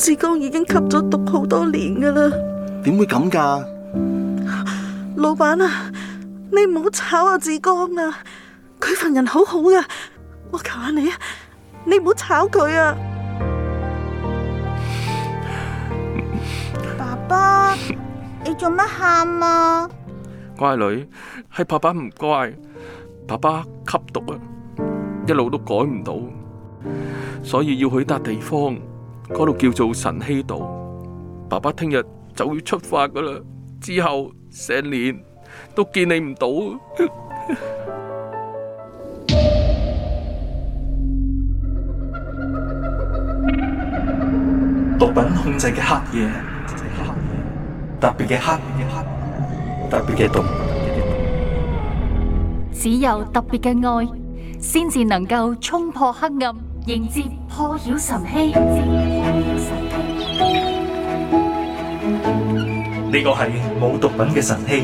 志剛已經吸咗毒好多年噶啦，點會咁噶？老闆啊，你唔好炒阿志剛啊，佢份人好好噶，我求下你,你啊，你唔好炒佢啊！爸爸，你做乜喊啊？乖女，係爸爸唔乖，爸爸吸毒啊，一路都改唔到，所以要去笪地方。嗰度叫做晨曦島，爸爸聽日就會出發㗎喇，之後成年都見你唔到。毒品控制嘅黑夜，特別嘅黑，特別嘅凍，只有特別嘅愛，先至能夠衝破黑暗。迎接破曉晨曦，呢個係冇毒品嘅晨曦，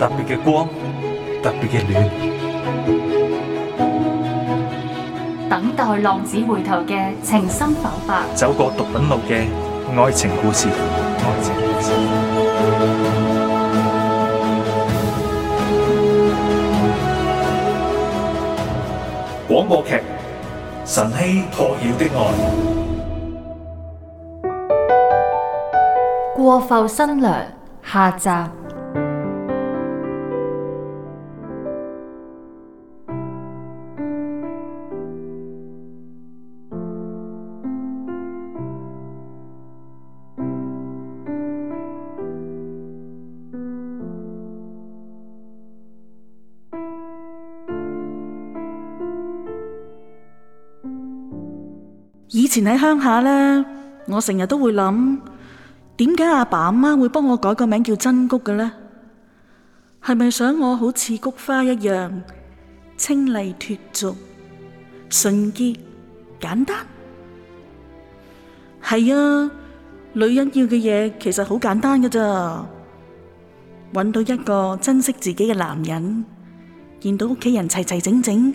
特別嘅光，特別嘅暖，等待浪子回頭嘅情深爆發，走過毒品路嘅愛情故事，廣播劇。晨曦托耀的愛，過埠新娘下集。以前喺鄉下咧，我成日都會諗，點解阿爸阿媽會幫我改個名叫真菊嘅呢？係咪想我好似菊花一樣清麗脫俗、純潔簡單？係啊，女人要嘅嘢其實好簡單嘅咋，揾到一個珍惜自己嘅男人，見到屋企人齊齊整整，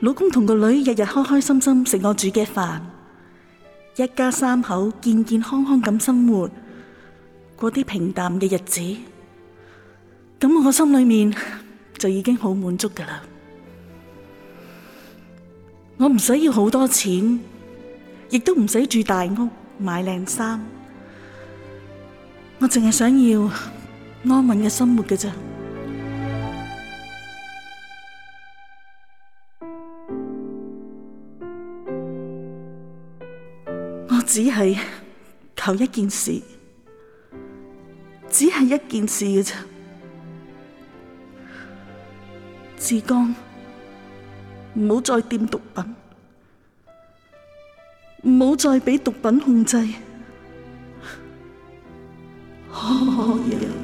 老公同個女日日開開心心食我煮嘅飯。，一家三口健健康康咁生活，過啲平淡嘅日子，咁我心裏面就已經好滿足㗎喇。我唔使要好多錢，亦都唔使住大屋、買靚衫，我淨係想要安穩嘅生活嘅啫。只係求一件事，只係一件事嘅啫。志剛，唔好再掂毒品，唔好再俾毒品控制。哦呀！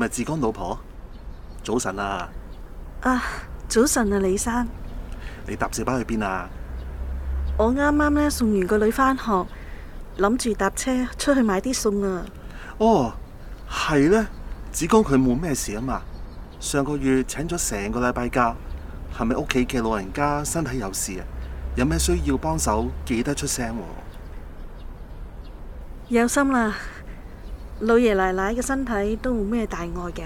係咪志剛老婆，早晨啊！啊，早晨啊，李生，你搭小巴去邊啊？我啱啱咧送完個女翻學，諗住搭車出去買啲餸啊！哦，係咧，志剛佢冇咩事啊嘛。上個月請咗成個禮拜假，係咪屋企嘅老人家身體有事啊？有咩需要幫手，記得出聲啊。有心啦。老爺奶奶嘅身體都冇咩大礙嘅，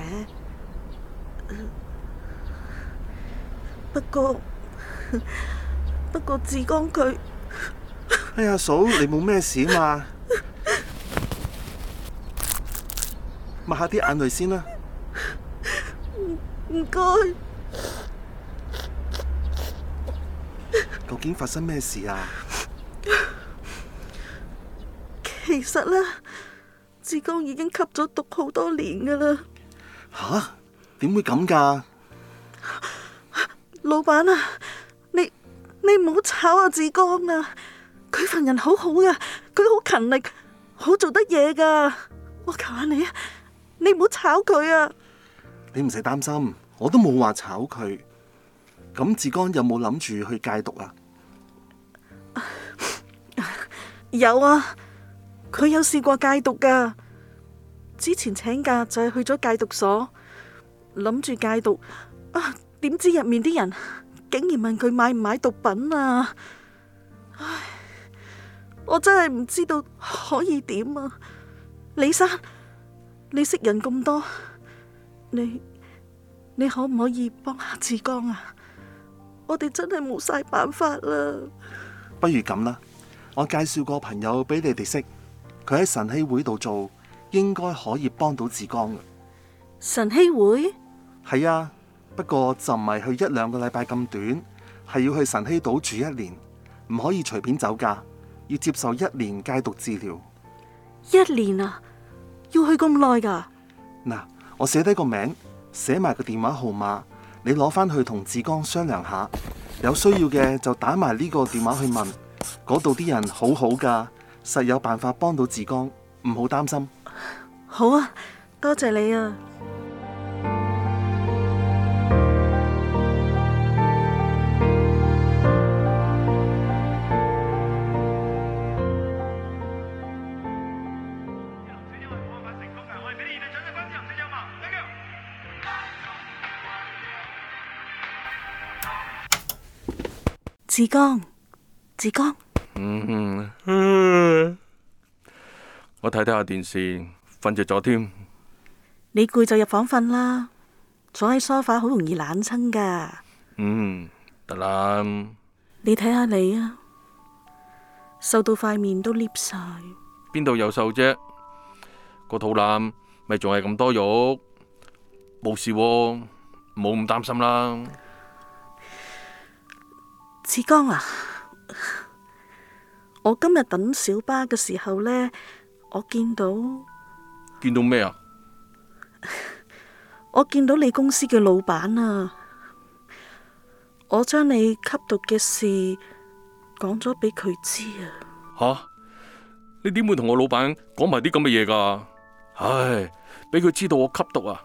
不過不過志剛佢，哎呀嫂， 你冇咩事啊嘛，抹下啲眼淚先啦，唔唔該，究 竟發生咩事啊？ 其實咧。志剛已經吸咗毒好多年噶啦，吓、啊？點會咁噶？老闆啊，你你唔好炒啊志剛啊！佢份人好好、啊、噶，佢好勤力，好做得嘢噶。我求下你，你啊，你唔好炒佢啊！你唔使擔心，我都冇話炒佢。咁志剛有冇諗住去戒毒啊？ 有啊，佢有試過戒毒噶。之前請假就係去咗戒毒所，諗住戒毒啊，點知入面啲人竟然問佢買唔買毒品啊！唉，我真係唔知道可以點啊！李生，你識人咁多，你你可唔可以幫下志剛啊？我哋真係冇晒辦法啦！不如咁啦，我介紹個朋友俾你哋識，佢喺晨曦會度做。應該可以幫到志剛嘅晨曦會係啊，不過就唔係去一兩個禮拜咁短，係要去晨曦島住一年，唔可以隨便走噶，要接受一年戒毒治療。一年啊，要去咁耐噶？嗱，我寫低個名，寫埋個電話號碼，你攞翻去同志剛商量下，有需要嘅就打埋呢個電話去問，嗰度啲人好好噶，實有辦法幫到志剛，唔好擔心。好啊，多謝你啊！志剛，志剛？嗯嗯啊。我睇睇下電視。瞓着咗添，你攰，就入房瞓啦。坐喺梳化好容易冷親噶。嗯，得啦。你睇下你啊，瘦到塊面都 lift 晒。邊度有瘦啫？個肚腩咪仲係咁多肉，冇事，唔好咁擔心啦。志剛啊，我今日等小巴嘅時候呢，我見到。見到咩啊？ 我見到你公司嘅老闆啊，我將你吸毒嘅事講咗俾佢知啊。吓、啊，你點會同我老闆講埋啲咁嘅嘢噶？唉，俾佢知道我吸毒啊，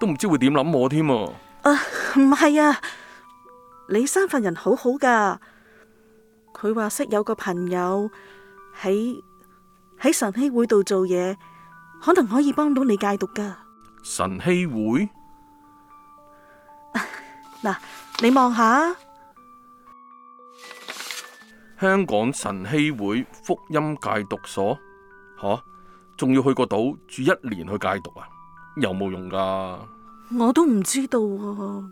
都唔知會點諗我添啊。唔係啊，啊，你三份人好好噶。佢話識有個朋友喺喺晨曦會度做嘢。可能可以幫到你戒毒噶，晨曦會嗱， 你望下香港晨曦會福音戒毒所，吓、啊，仲要去個島住一年去戒毒啊？有冇用噶？我都唔知道啊，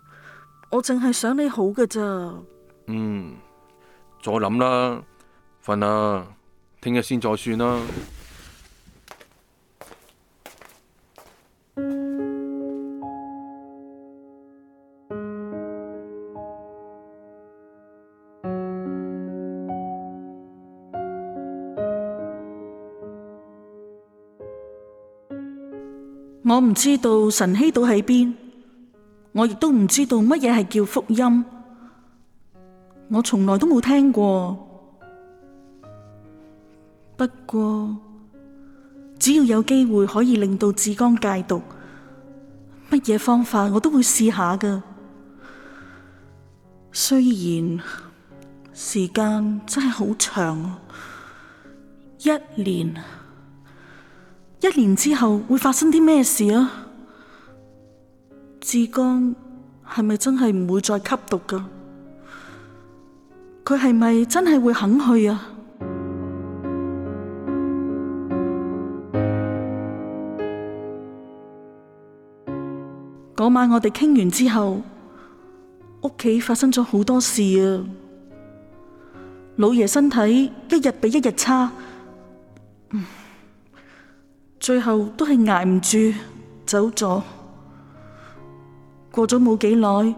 我淨係想你好噶咋。嗯，再諗啦，瞓啦、啊，聽日先再算啦。我唔知道晨曦島喺邊，我亦都唔知道乜嘢係叫福音，我從來都冇聽過。不過，只要有機會可以令到志剛戒毒，乜嘢方法我都會試下噶。雖然時間真係好長，一年。一年之後會發生啲咩事啊？志剛係咪真係唔會再吸毒㗎？佢係咪真係會肯去啊？嗰 晚我哋傾完之後，屋企發生咗好多事啊！老爺身體一日比一日差。嗯最後都係捱唔住，走咗。過咗冇幾耐，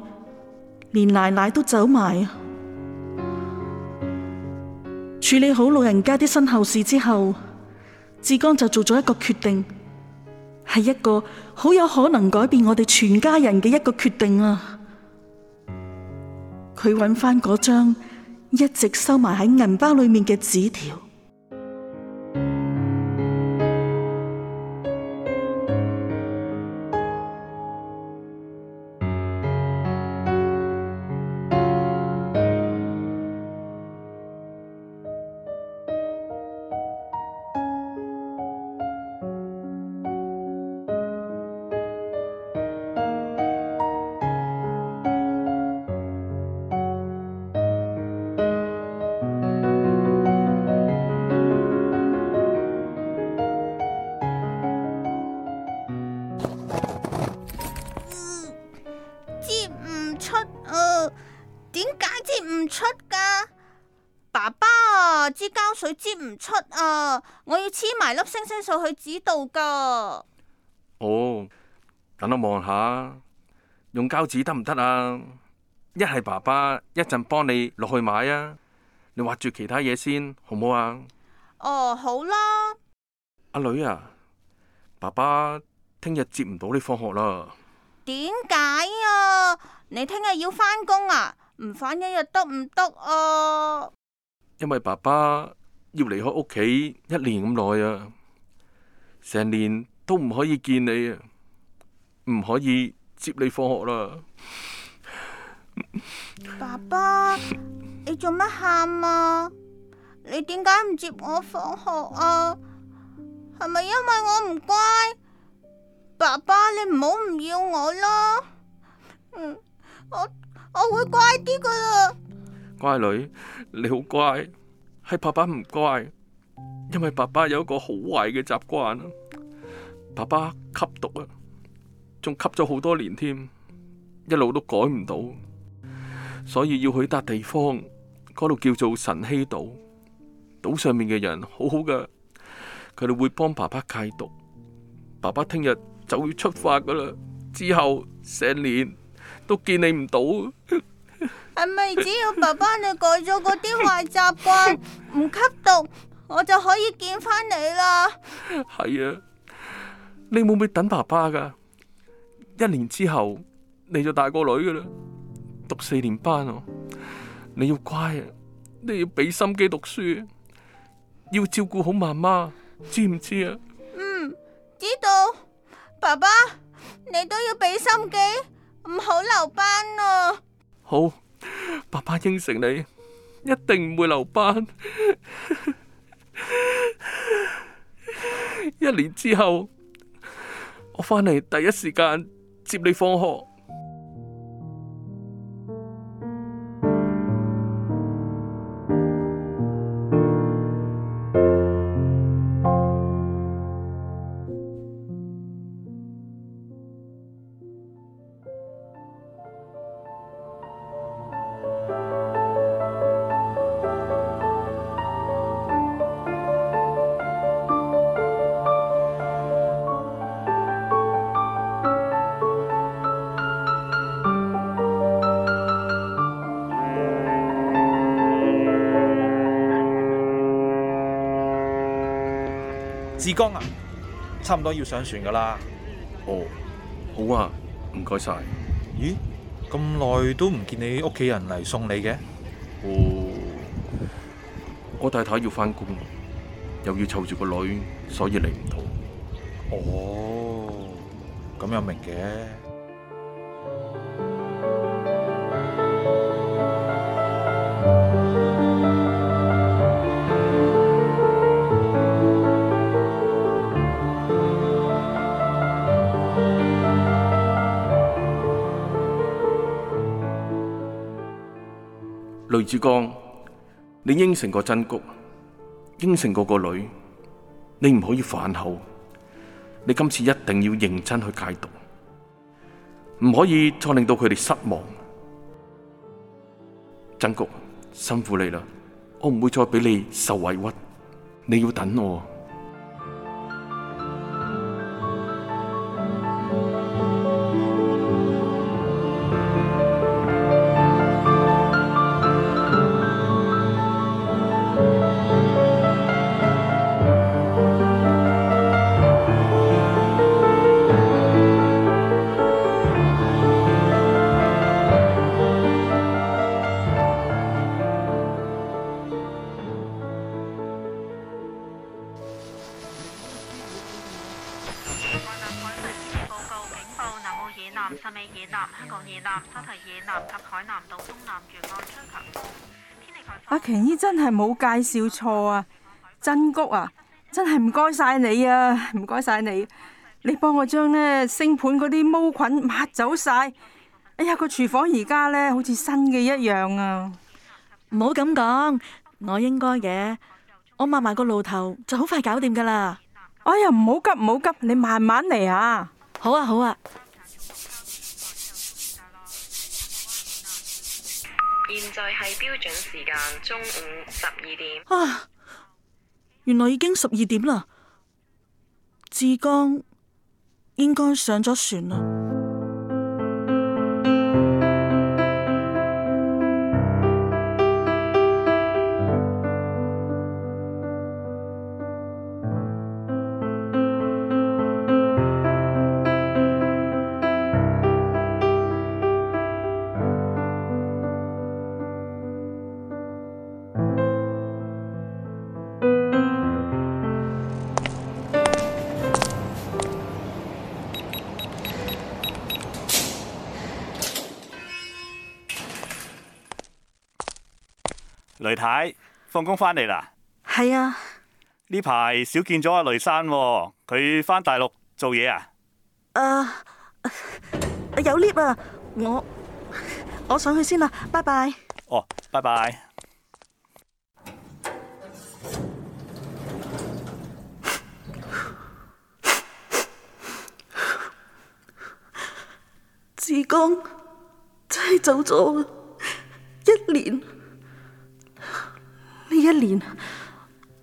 連奶奶都走埋。處理好老人家啲身後事之後，志剛就做咗一個決定，係一個好有可能改變我哋全家人嘅一個決定啊！佢揾返嗰張一直收埋喺銀包裏面嘅紙條。出噶，爸爸啊，支膠水擠唔出啊，我要黐埋粒星星碎去紙度噶。哦，等我望下，用膠紙得唔得啊？一係爸爸一陣幫你落去買啊，你畫住其他嘢先，好唔好啊？哦，好啦。阿、啊、女啊，爸爸聽日接唔到你放學啦。點解啊？你聽日要返工啊？唔返一日得唔得啊？因為爸爸要離開屋企一年咁耐啊，成年都唔可以見你啊，唔可以接你放學啦。 爸爸， 你做乜喊啊？你點解唔接我放學啊？係咪因為我唔乖？爸爸，你唔好唔要我咯。嗯， 我。我會乖啲噶啦。乖女，你好乖，係爸爸唔乖，因為爸爸有一個好壞嘅習慣啊，爸爸吸毒啊，仲吸咗好多年添，一路都改唔到，所以要去笪地方，嗰度叫做晨曦島，島上面嘅人好好噶，佢哋會幫爸爸戒毒，爸爸聽日就要出發噶啦，之後成年。都見你唔到，係咪只要爸爸你改咗嗰啲壞習慣，唔吸毒，我就可以見返你啦？係啊，你會唔會等爸爸㗎？一年之後，你就大個女㗎啦，讀四年班哦，你要乖啊，你要俾心機讀書，要照顧好媽媽，知唔知啊？嗯，知道，爸爸你都要俾心機。唔好留班哦！好，爸爸應承你，一定唔會留班。 一年之後，我翻嚟，第一時間接你放學。江啊，差唔多要上船噶啦。哦，好啊，唔該晒。咦，咁耐都唔見你屋企人嚟送你嘅？哦，我太太要返工，又要湊住個女，所以嚟唔到。哦，咁又明嘅。雷志剛，你應承過曾菊，應承過個女，你唔可以反口。你今次一定要認真去戒毒，唔可以再令到佢哋失望。曾菊，辛苦你啦，我唔會再俾你受委屈，你要等我。阿瓊姨真係冇介紹錯啊，真谷啊，真係唔該晒你啊，唔該晒你，你幫我將咧星盤嗰啲毛菌抹走晒。哎呀，個廚房而家咧好似新嘅一樣啊！唔好咁講，我應該嘅，我抹埋個爐頭就好快搞掂噶啦。哎呀，唔好急唔好急，你慢慢嚟啊。好啊好啊。現在係標準時間，中午十二點。啊，原來已經十二點啦！志剛應該上咗船啦。太太，放工翻嚟啦。係啊！呢排少見咗阿雷山，佢翻大陸做嘢啊！啊，呃、有 lift 啊！我我上去先啦，拜拜。哦，拜拜。志剛 真係走咗一年。一年，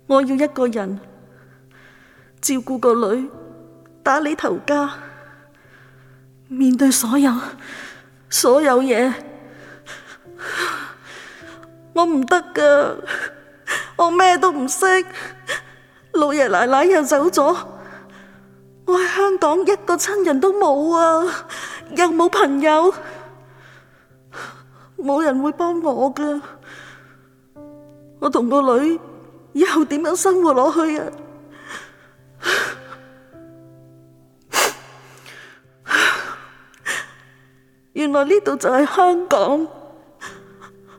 我要一個人照顧個女，打理頭家，面對所有所有嘢，我唔得噶，我咩都唔識，老爺奶奶又走咗，我喺香港一個親人都冇啊，又冇朋友，冇人會幫我噶。我同個女以後點樣生活落去啊？ 原來呢度就係香港，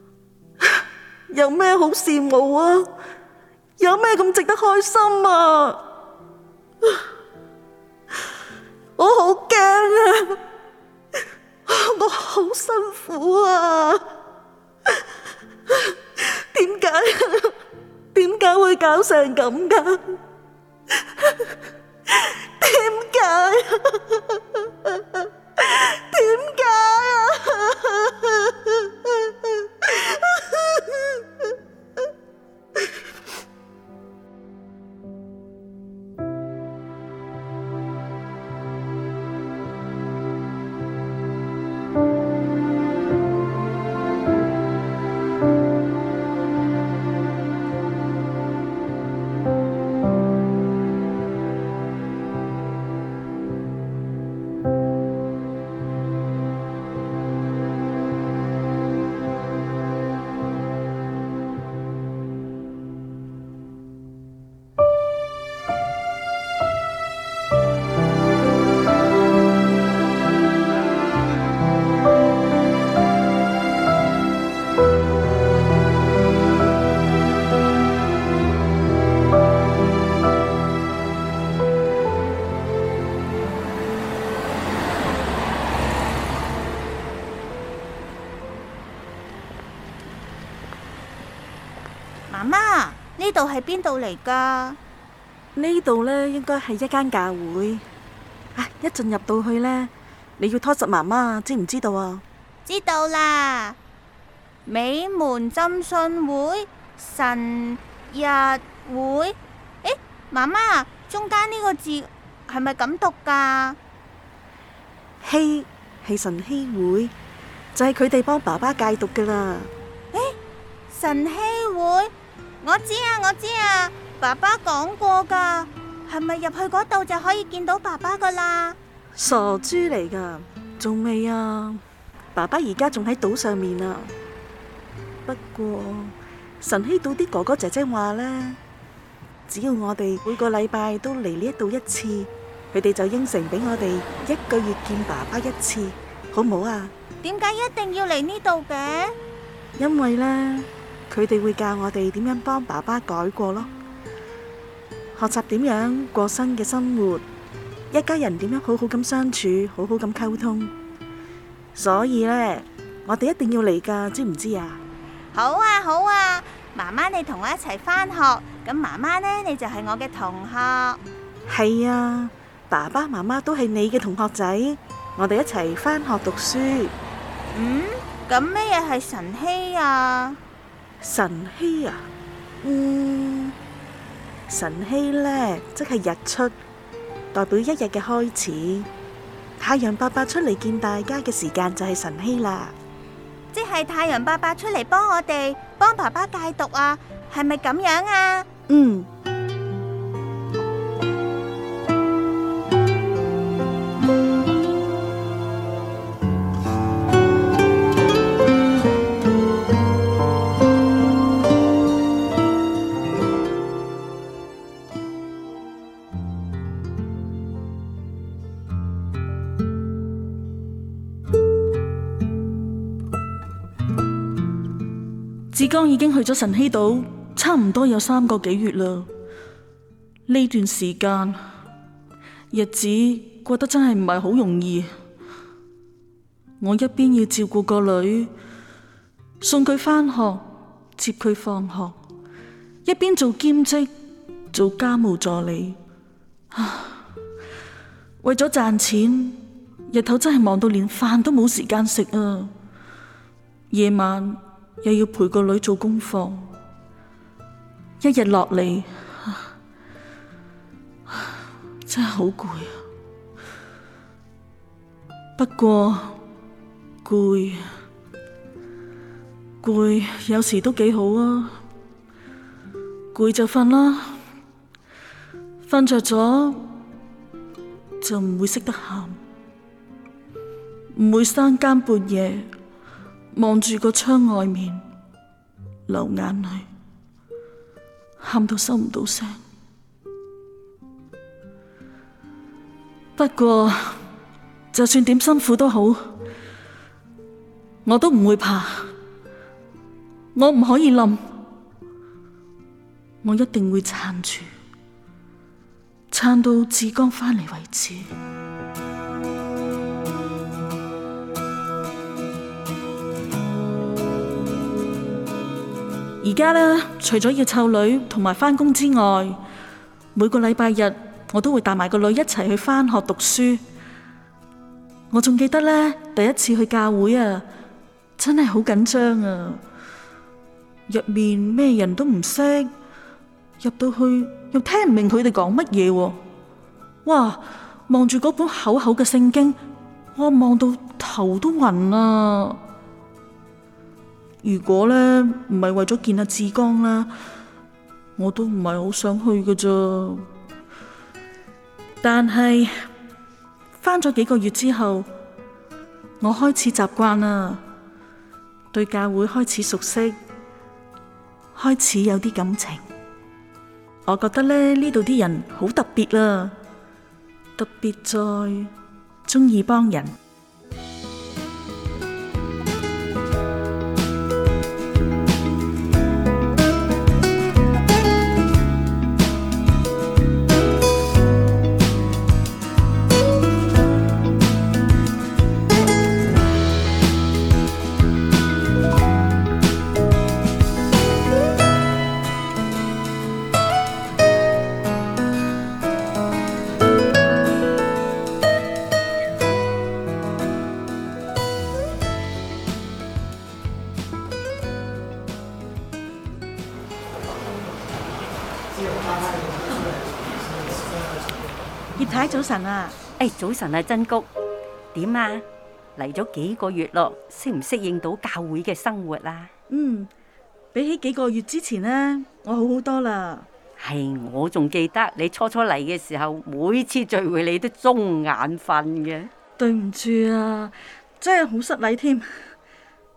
有咩好羨慕啊？有咩咁值得開心啊？ 我好驚啊！ 我好辛苦啊！ 點解點解，會搞成咁噶？點 解什麼 呢度係邊度嚟噶？呢度咧應該係一間教會啊！一進入到去咧，你要拖實媽媽，知唔知道啊？知道啦。美門浸信會神日會，誒，媽媽，中間呢個字係咪咁讀噶？希係神希會，就係佢哋幫爸爸戒毒噶啦。誒，神希會。我知啊，我知啊，爸爸講過噶，係咪入去嗰度就可以見到爸爸噶啦？傻豬嚟噶，仲未啊！爸爸而家仲喺島上面啊。不過神希島啲哥哥姐姐話咧，只要我哋每個禮拜都嚟呢一度一次，佢哋就應承俾我哋一個月見爸爸一次，好唔好啊？點解一定要嚟呢度嘅？因為咧。佢哋會教我哋點樣幫爸爸改過咯，學習點樣過新嘅生活，一家人點樣好好咁相處，好好咁溝通。所以呢，我哋一定要嚟噶，知唔知啊？好啊，好啊，媽媽你同我一齊返學，咁媽媽呢，你就係我嘅同學。係啊，爸爸媽媽都係你嘅同學仔，我哋一齊返學讀書。嗯，咁咩嘢係晨曦啊？晨曦啊，嗯，晨曦咧，即係日出，代表一日嘅開始。太陽伯伯出嚟見大家嘅時間就係晨曦啦，即係太陽伯伯出嚟幫我哋幫爸爸戒毒啊，係咪咁樣啊？嗯。志剛已經去咗神羲島，差唔多有三個幾月啦。呢段時間日子過得真係唔係好容易，我一邊要照顧個女，送佢翻學、接佢放學，一邊做兼職、做家務助理啊，為咗賺錢，日頭真係忙到連飯都冇時間食啊，夜晚。又要陪個女做功課，一日落嚟 真係好攰啊！不過攰啊，攰有時都幾好啊，攰就瞓啦，瞓着咗就唔會識得喊，唔會三更半夜。望住個窗外面，流眼淚，喊到收唔到聲。不過就算點辛苦都好，我都唔會怕，我唔可以冧，我一定會撐住，撐到志剛翻嚟為止。而家咧，除咗要湊女同埋返工之外，每個禮拜日我都會帶埋個女一齊去返學讀書。我仲記得咧，第一次去教會啊，真係好緊張啊！入面咩人都唔識，入到去又聽唔明佢哋講乜嘢。哇，望住嗰本厚厚嘅聖經，我望到頭都暈啊！如果咧唔係為咗見阿志剛啦，我都唔係好想去嘅啫。但係翻咗幾個月之後，我開始習慣啦，對教會開始熟悉，開始有啲感情。我覺得咧，呢度啲人好特別啦，特別在中意幫人。早晨啊！誒、哎，早晨啊，珍菊，點啊？嚟咗幾個月咯，適唔適應到教會嘅生活啊？嗯，比起幾個月之前咧，我好好多啦。係，我仲記得你初初嚟嘅時候，每次聚會你都睜眼瞓嘅。對唔住啊，真係好失禮添、啊。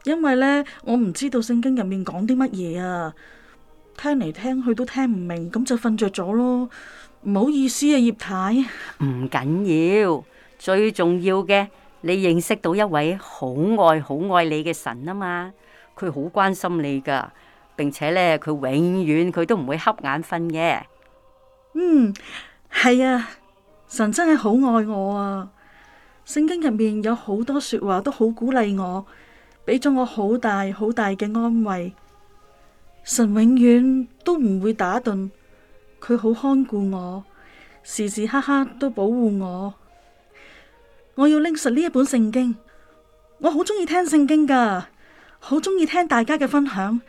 因為咧，我唔知道聖經入面講啲乜嘢啊，聽嚟聽去都聽唔明，咁就瞓着咗咯。唔好意思啊，葉太。唔緊要，最重要嘅，你認識到一位好愛、好愛你嘅神啊嘛，佢好關心你噶，並且咧，佢永遠佢都唔會瞌眼瞓嘅。嗯，係啊，神真係好愛我啊！聖經入面有好多說話都好鼓勵我，俾咗我好大好大嘅安慰。神永遠都唔會打頓。佢好看顧我，時時刻刻都保護我。我要拎實呢一本聖經，我好中意聽聖經噶，好中意聽大家嘅分享，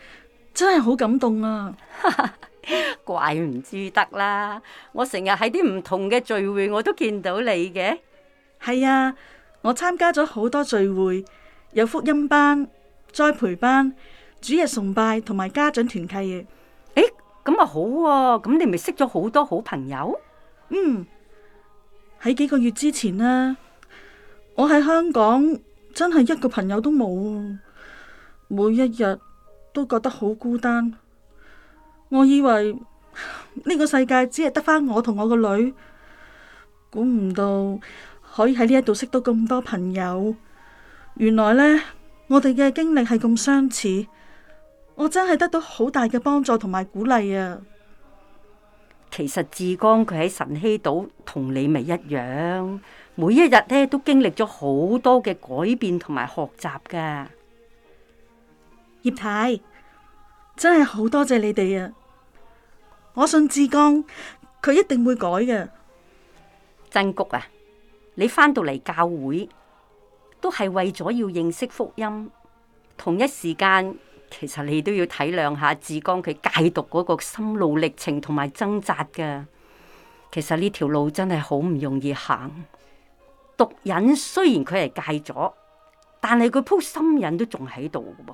真係好感動啊！ 怪唔之得啦，我成日喺啲唔同嘅聚會，我都見到你嘅。係啊，我參加咗好多聚會，有福音班、栽培班、主日崇拜同埋家長團契嘅。誒。咁啊好喎！咁你咪識咗好多好朋友？嗯，喺幾個月之前呢，我喺香港真係一個朋友都冇，每一日都覺得好孤單。我以為呢個世界只係得返我同我個女，估唔到可以喺呢一度識到咁多朋友。原來呢，我哋嘅經歷係咁相似。我真係得到好大嘅幫助同埋鼓勵啊！其實志剛佢喺晨曦島同你咪一樣，每一日咧都經歷咗好多嘅改變同埋學習噶。葉太真係好多謝你哋啊！我信志剛，佢一定會改嘅。曾菊啊，你翻到嚟教會都係為咗要認識福音，同一時間。其實你都要體諒下志剛佢戒毒嗰個心路歷程同埋掙扎噶。其實呢條路真係好唔容易行。毒癮雖然佢係戒咗，但係佢鋪心癮都仲喺度噶噃。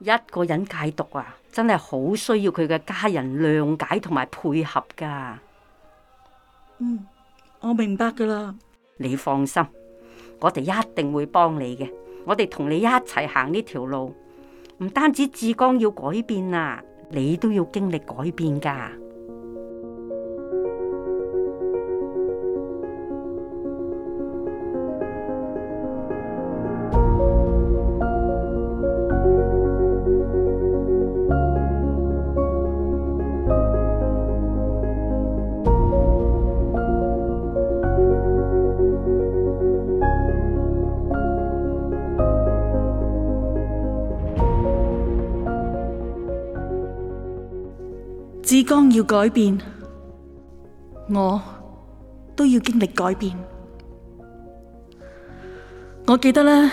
一個人戒毒啊，真係好需要佢嘅家人諒解同埋配合噶。嗯，我明白噶啦。你放心，我哋一定會幫你嘅。我哋同你一齊行呢條路。唔單止志光要改變啊，你都要經歷改變㗎。要改變，我都要經歷改變。我記得咧，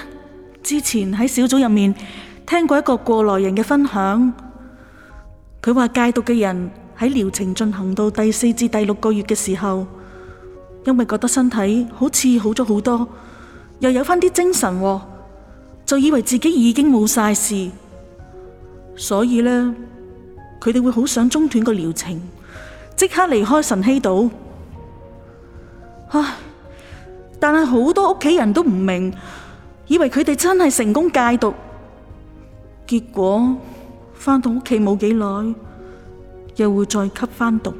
之前喺小組入面聽過一個過來人嘅分享，佢話戒毒嘅人喺療程進行到第四至第六個月嘅時候，因為覺得身體好似好咗好多，又有返啲精神，哦，就以為自己已經冇晒事，所以咧。佢哋會好想中斷個療程，即刻離開晨曦島。唉，但係好多屋企人都唔明，以為佢哋真係成功戒毒，結果返到屋企冇幾耐，又會再吸返毒。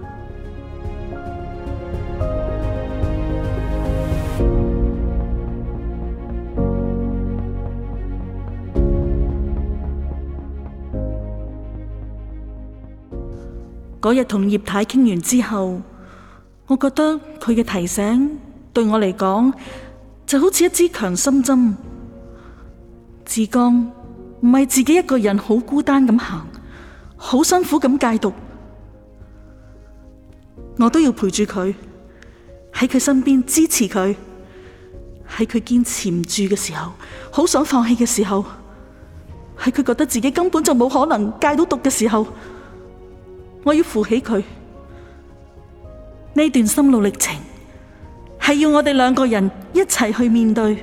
嗰日同葉太傾完之後，我覺得佢嘅提醒對我嚟講就好似一支強心針。志剛唔係自己一個人好孤單咁行，好辛苦咁戒毒，我都要陪住佢，喺佢身邊支持佢，喺佢堅持唔住嘅時候，好想放棄嘅時候，喺佢覺得自己根本就冇可能戒到毒嘅時候。我要扶起佢，呢段心路歷程，係要我哋兩個人一齊去面對。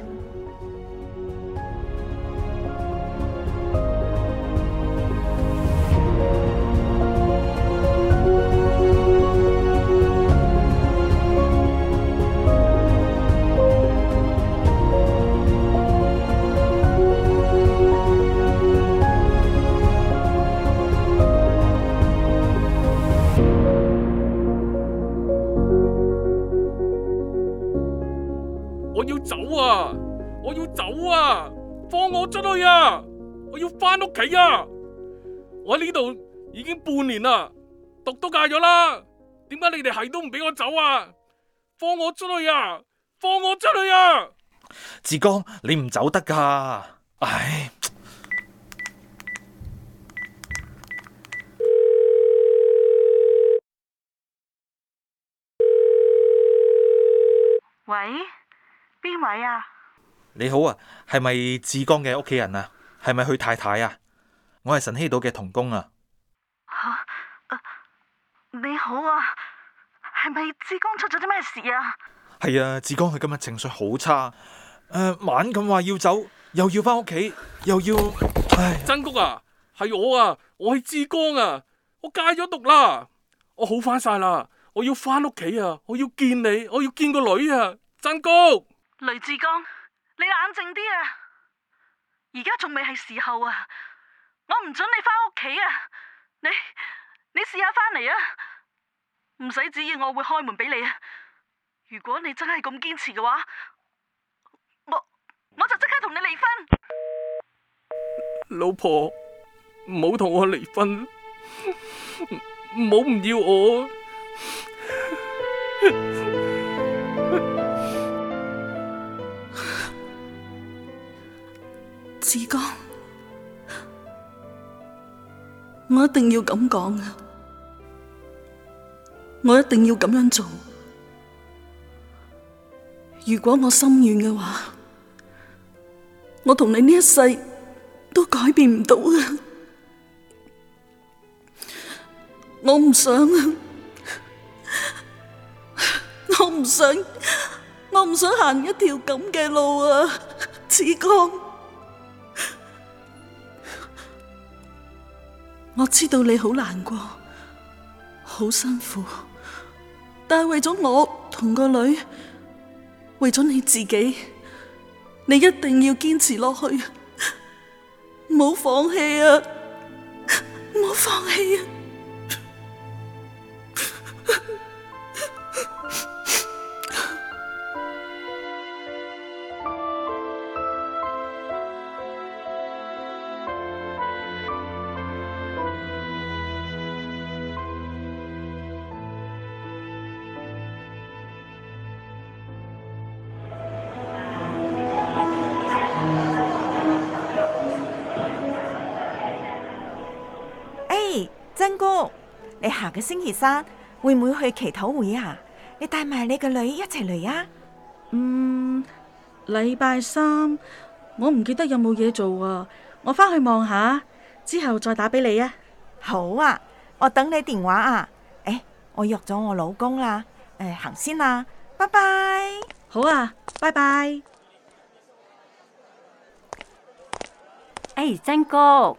毒都戒咗啦，點解你哋係都唔俾我走啊？放我出去啊！放我出去啊！志剛，你唔走得噶，唉。喂，邊位啊？你好啊，係咪志剛嘅屋企人啊？係咪佢太太啊？我係神禧島嘅童工啊。吓、啊！你好啊，係咪志剛出咗啲咩事啊？係啊，志剛佢今日情緒好差，誒、呃，晚咁話要走，又要翻屋企，又要唉。曾谷啊，係我啊，我係志剛啊，我戒咗毒啦，我好翻晒啦，我要翻屋企啊，我要見你，我要見個女啊，曾谷。雷志剛，你冷靜啲啊，而家仲未係時候啊，我唔准你翻屋企啊，你。你試下返嚟啊！唔使指意我會開門俾你啊！如果你真係咁堅持嘅話，我我就即刻同你離婚。老婆，唔好同我離婚，唔好唔要我。志 剛，我一定要咁講啊！我一定要咁樣做。如果我心軟嘅話，我同你呢一世都改變唔到啊！我唔想我唔想，我唔想行一條咁嘅路啊！志剛，我知道你好難過，好辛苦。但係為咗我同個女，為咗你自己，你一定要堅持落去，唔好放棄啊！唔好放棄啊！星期三會唔會去祈禱會啊？你帶埋你個女一齊嚟啊！嗯，禮拜三我唔記得有冇嘢做啊，我翻去望下，之後再打俾你啊。好啊，我等你電話啊。誒，我約咗我老公啦。誒，行先啦，拜拜。好啊，拜拜。誒，曾哥。誒，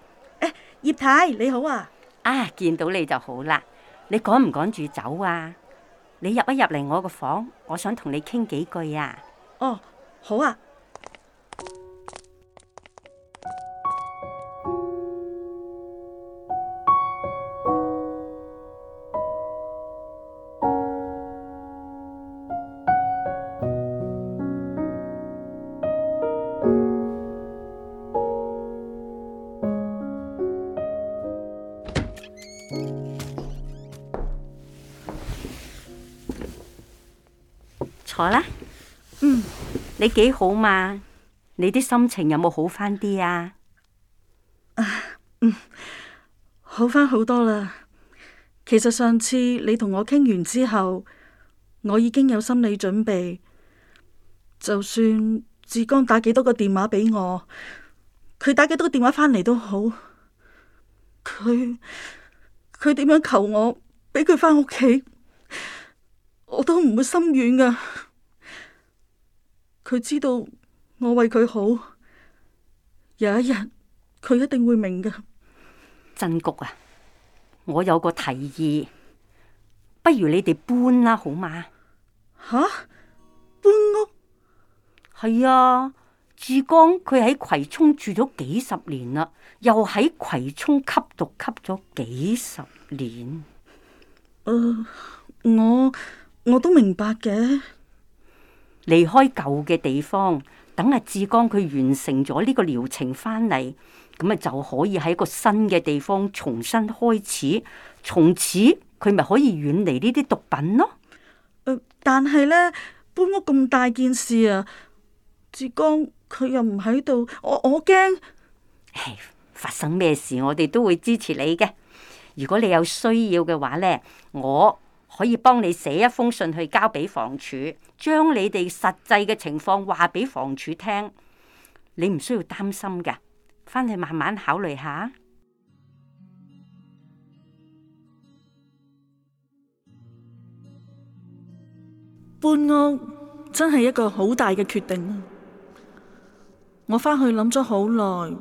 葉太你好啊。啊，見到你就好啦。你趕唔趕住走啊？你入一入嚟我個房，我想同你傾幾句啊。哦，好啊。好啦，嗯，你幾好嘛？你啲心情有冇好翻啲啊？啊嗯、好翻好多啦。其實上次你同我傾完之後，我已經有心理準備，就算志剛打幾多個電話俾我，佢打幾多個電話翻嚟，都好，佢佢點樣求我俾佢翻屋企？我都唔會心軟噶，佢知道我為佢好，有一日佢一定會明噶。真菊啊，我有個提議，不如你哋搬啦，好嗎？吓，啊，搬屋？係啊，志剛佢喺葵涌住咗幾十年啦，又喺葵涌吸毒吸咗幾十年。呃、我。我都明白嘅。離開舊嘅地方，等阿志剛佢完成咗呢個療程翻嚟，咁啊就可以喺個新嘅地方重新開始。從此佢咪可以遠離呢啲毒品咯。呃，但係呢，搬屋咁大件事啊，志剛佢又唔喺度，我我驚。唉，發生咩事我哋都會支持你嘅。如果你有需要嘅話呢，我。可以幫你寫一封信去交俾房署，將你哋實際嘅情況話俾房署聽。你唔需要擔心嘅，返去慢慢考慮下。搬屋真係一個好大嘅決定。我返去諗咗好耐，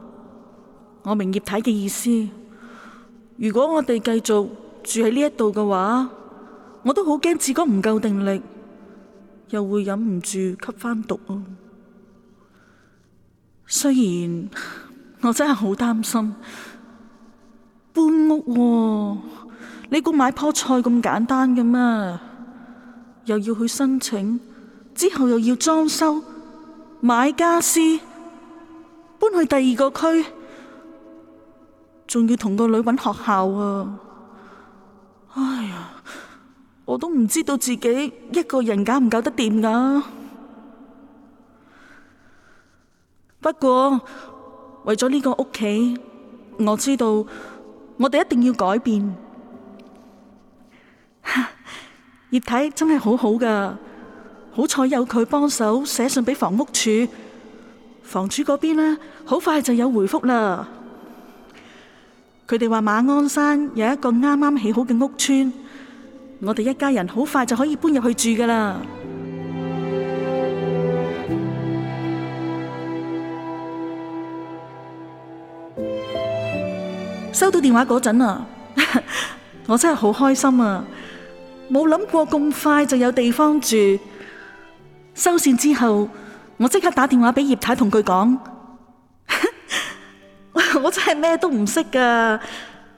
我明葉太嘅意思。如果我哋繼續住喺呢一度嘅話，我都好驚自己唔夠定力，又會忍唔住吸翻毒哦、啊。雖然我真係好擔心搬屋，啊，你估買棵菜咁簡單嘅咩？又要去申請，之後又要裝修、買家私，搬去第二個區，仲要同個女揾學校啊！哎呀～我都唔知道自己一個人搞唔搞得掂噶。不過為咗呢個屋企，我知道我哋一定要改變。葉 太真係好好噶，好彩有佢幫手寫信俾房屋處，房主嗰邊咧好快就有回覆啦。佢哋話馬鞍山有一個啱啱起好嘅屋村。我哋一家人好快就可以搬入去住噶啦！收到電話嗰陣啊， 我真係好開心啊！冇諗過咁快就有地方住。收綫之後，我即刻打電話俾葉太同佢講， 我真係咩都唔識噶，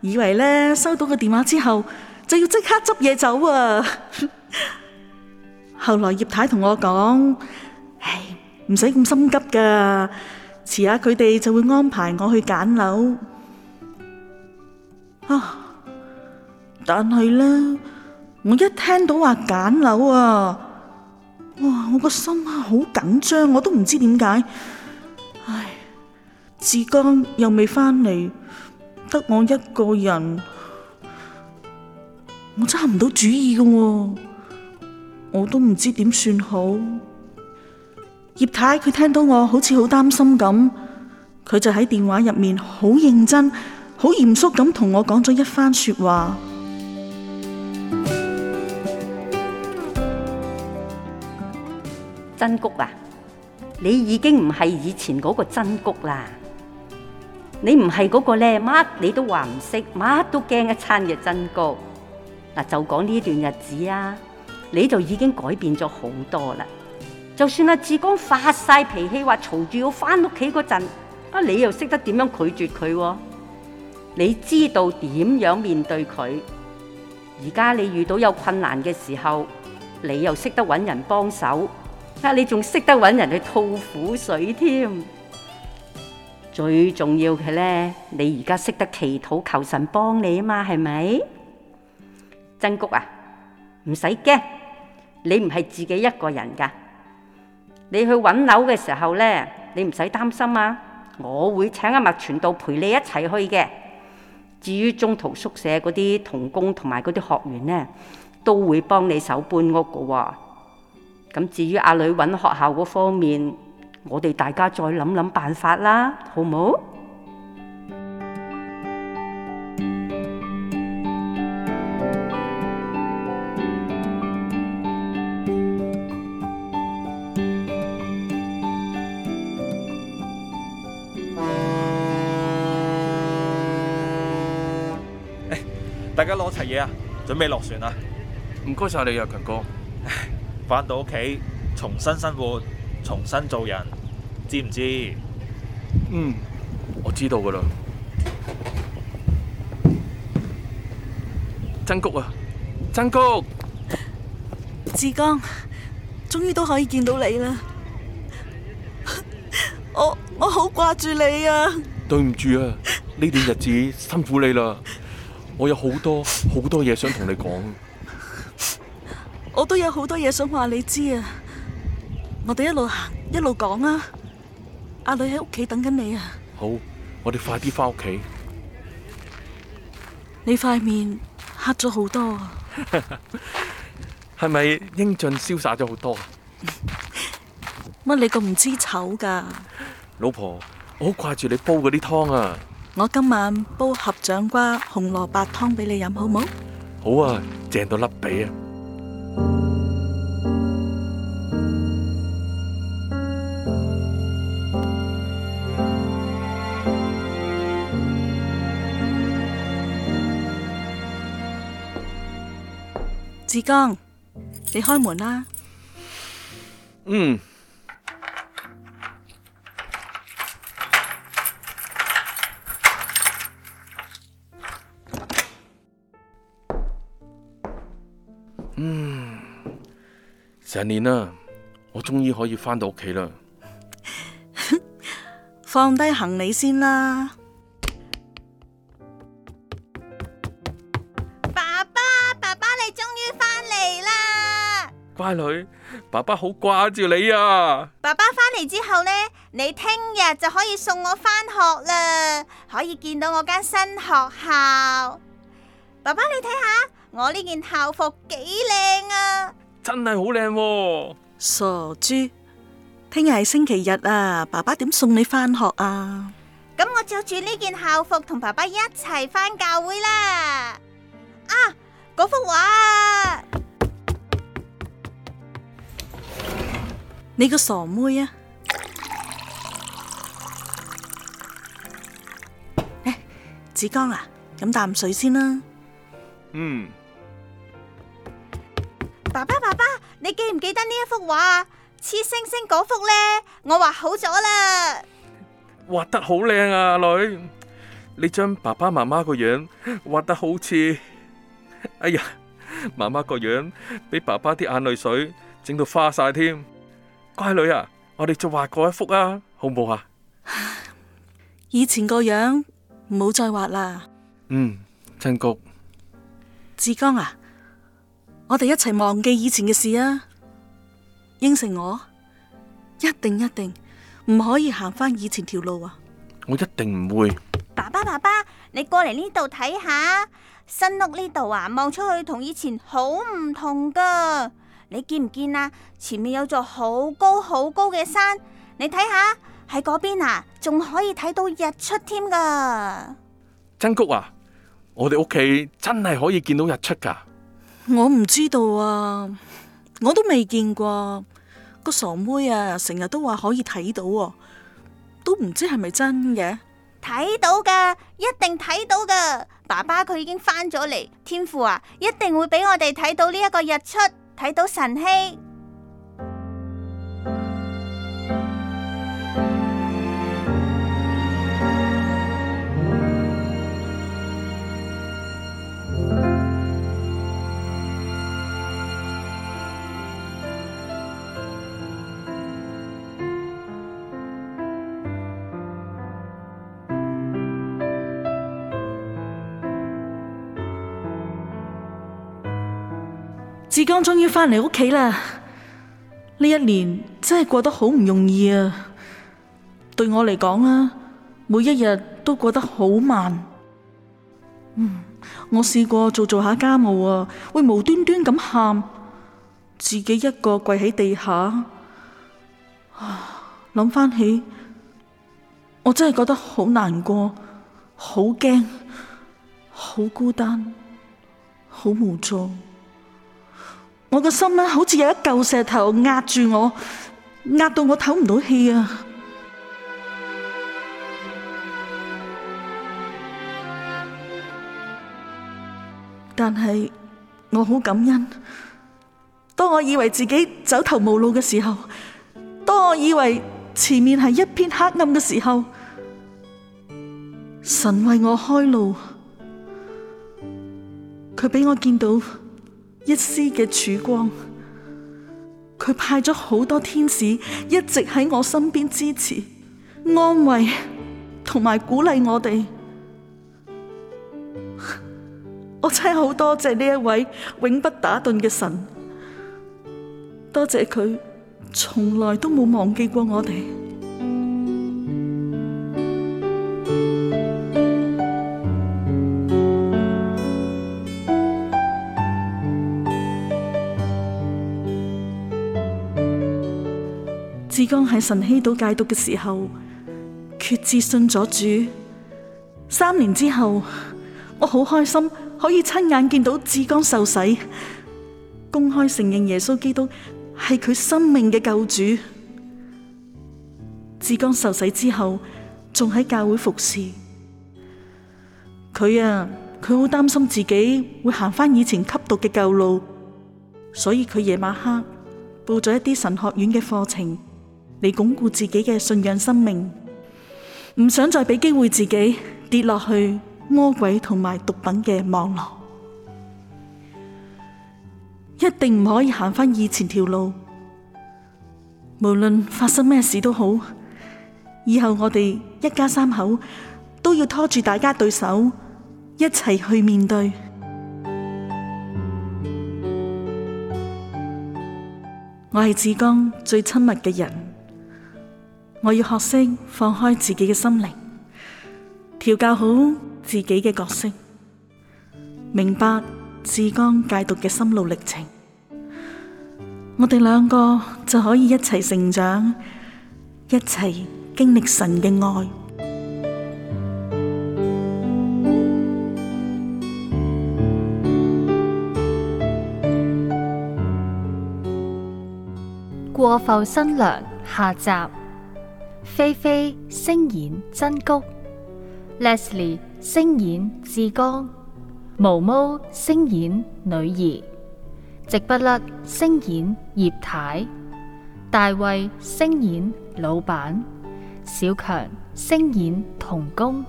以為咧收到個電話之後。就要即刻執嘢走啊！後來葉太同我講：唉，唔使咁心急噶，遲下佢哋就會安排我去揀樓。啊！但係咧，我一聽到話揀樓啊，哇！我個心啊好緊張，我都唔知點解。唉，志剛又未翻嚟，得我一個人。我揸唔到主意嘅喎、哦，我都唔知點算好。葉太佢聽到我好似好擔心咁，佢就喺電話入面好認真、好嚴肅咁同我講咗一番說話。真谷啊，你已經唔係以前嗰個真谷啦，你唔係嗰個咧，乜你都話唔識，乜都驚一餐嘅真谷。嗱、啊，就講呢段日子啊，你就已經改變咗好多啦。就算阿、啊、志剛發晒脾氣，話嘈住要翻屋企嗰陣，啊，你又識得點樣拒絕佢、啊？你知道點樣面對佢？而家你遇到有困難嘅時候，你又識得搵人幫手啊！你仲識得搵人去吐苦水添、啊。最重要嘅咧，你而家識得祈禱求，求神幫你啊嘛，係咪？曾菊啊，唔使驚，你唔係自己一個人噶。你去揾樓嘅時候呢，你唔使擔心啊。我會請阿、啊、麥全道陪你一齊去嘅。至於中途宿舍嗰啲同工同埋嗰啲學員呢，都會幫你手搬屋噶、哦。咁至於阿女揾學校嗰方面，我哋大家再諗諗辦法啦，好唔好？大家攞齊嘢啊！準備落船啊。唔該晒你啊，強哥。翻 到屋企，重新生活，重新做人，知唔知？嗯，我知道噶啦。曾菊啊，曾菊，志剛，終於都可以見到你啦！ 我我好掛住你啊！對唔住啊，呢段日子辛苦你啦。我有好多好多嘢想同你講， 我都有好多嘢想話你知啊！我哋一路行一路講啊！阿女喺屋企等緊你啊！好，我哋快啲翻屋企。你塊面黑咗好多啊！係 咪英俊瀟灑咗好多啊？乜 你咁唔知醜噶？老婆，我好掛住你煲嗰啲湯啊！我今晚煲合掌瓜紅蘿蔔湯俾你飲，好冇？好啊，正到甩鼻啊！志剛，你開門啦。嗯。成年啦，我終於可以翻到屋企啦！ 放低行李先啦，爸爸，爸爸你終於翻嚟啦！乖女，爸爸好掛住你啊！爸爸翻嚟之後呢，你聽日就可以送我翻學啦，可以見到我間新學校。爸爸你睇下，我呢件校服幾靚啊！真係好靚喎！傻豬，聽日係星期日啊，爸爸點送你返學啊？咁我就着呢件校服同爸爸一齊返教會啦！啊，嗰幅畫，你個傻妹啊！誒，子光啊，飲啖水先啦。嗯。爸爸爸爸，你記唔記得呢一幅畫啊？黐星星嗰幅咧，我畫好咗啦，畫得好靚啊！女，你將爸爸媽媽個樣畫得好似，哎呀，媽媽個樣俾爸爸啲眼淚水整到花晒添，乖女啊，我哋再畫過一幅啊，好唔好啊？以前個樣唔好再畫啦。嗯，陳局，志剛啊。我哋一齊忘記以前嘅事啊！應承我，一定一定唔可以行翻以前條路啊！我一定唔會。爸爸爸爸，你過嚟呢度睇下新屋呢度啊，望出去同以前好唔同噶。你見唔見啊？前面有座好高好高嘅山，你睇下喺嗰邊啊，仲可以睇到日出添噶。真菊啊，我哋屋企真係可以見到日出噶。我唔知道啊，我都未見過個傻妹啊，成日都話可以睇到啊，都唔知係咪真嘅？睇到㗎，一定睇到㗎。爸爸佢已經返咗嚟，天父啊，一定會俾我哋睇到呢一個日出，睇到晨曦。志剛終於翻嚟屋企啦！呢一年真係過得好唔容易啊！對我嚟講啊，每一日都過得好慢。嗯，我試過做做下家務啊，會無端端咁喊，自己一個跪喺地下。啊，諗翻起，我真係覺得好難過，好驚，好孤單，好無助。我個心咧，好似有一嚿石頭壓住我，壓到我透唔到氣啊！但係我好感恩，當我以為自己走投無路嘅時候，當我以為前面係一片黑暗嘅時候，神為我開路，佢俾我見到，一絲嘅曙光，佢派咗好多天使一直喺我身邊支持、安慰同埋鼓勵我哋。 我真係好多謝呢一位永不打盹嘅神，多謝佢從來都冇忘記過我哋。志剛喺神溪島戒毒嘅時候，決志信咗主。三年之後，我好開心可以親眼見到志剛受洗，公開承認耶穌基督係佢生命嘅救主。志剛受洗之後，仲喺教會服侍。佢啊，佢好擔心自己會行翻以前吸毒嘅舊路，所以佢夜晚黑報咗一啲神學院嘅課程。你鞏固自己嘅信仰生命，唔想再俾機會自己跌落去魔鬼同埋毒品嘅網絡，一定唔可以行返以前條路。無論發生咩事都好，以後我哋一家三口都要拖住大家對手，一齊去面對。我係志剛最親密嘅人。我要學識放開自己嘅心靈，調教好自己嘅角色，明白志剛戒毒嘅心路歷程。我哋兩個就可以一齊成長，一齊經歷神嘅愛。過埠新娘，下集。菲菲聲演真菊，Leslie 聲演志剛，毛毛聲演女兒，直不甩聲演葉太，大衛聲演老闆，小強聲演童工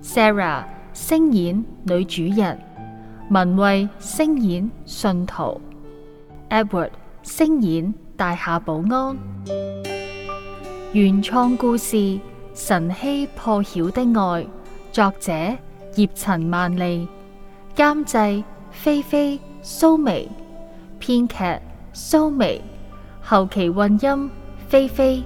，Sarah 聲演女主人，文慧聲演信徒，Edward 聲演大廈保安。原創故事《晨曦破曉的愛》，作者葉陳萬里，監製菲菲、蘇眉，編劇蘇眉，後期混音菲菲。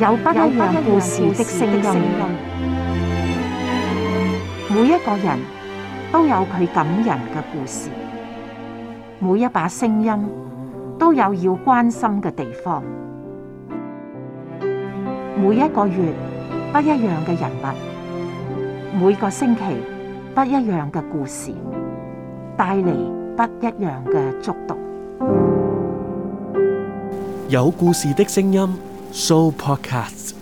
有不一樣的故事的聲音，每一個人。都有佢感人嘅故事，每一把聲音都有要關心嘅地方，每一個月不一樣嘅人物，每個星期不一樣嘅故事，帶嚟不一樣嘅觸動。有故事的聲音，So Podcast。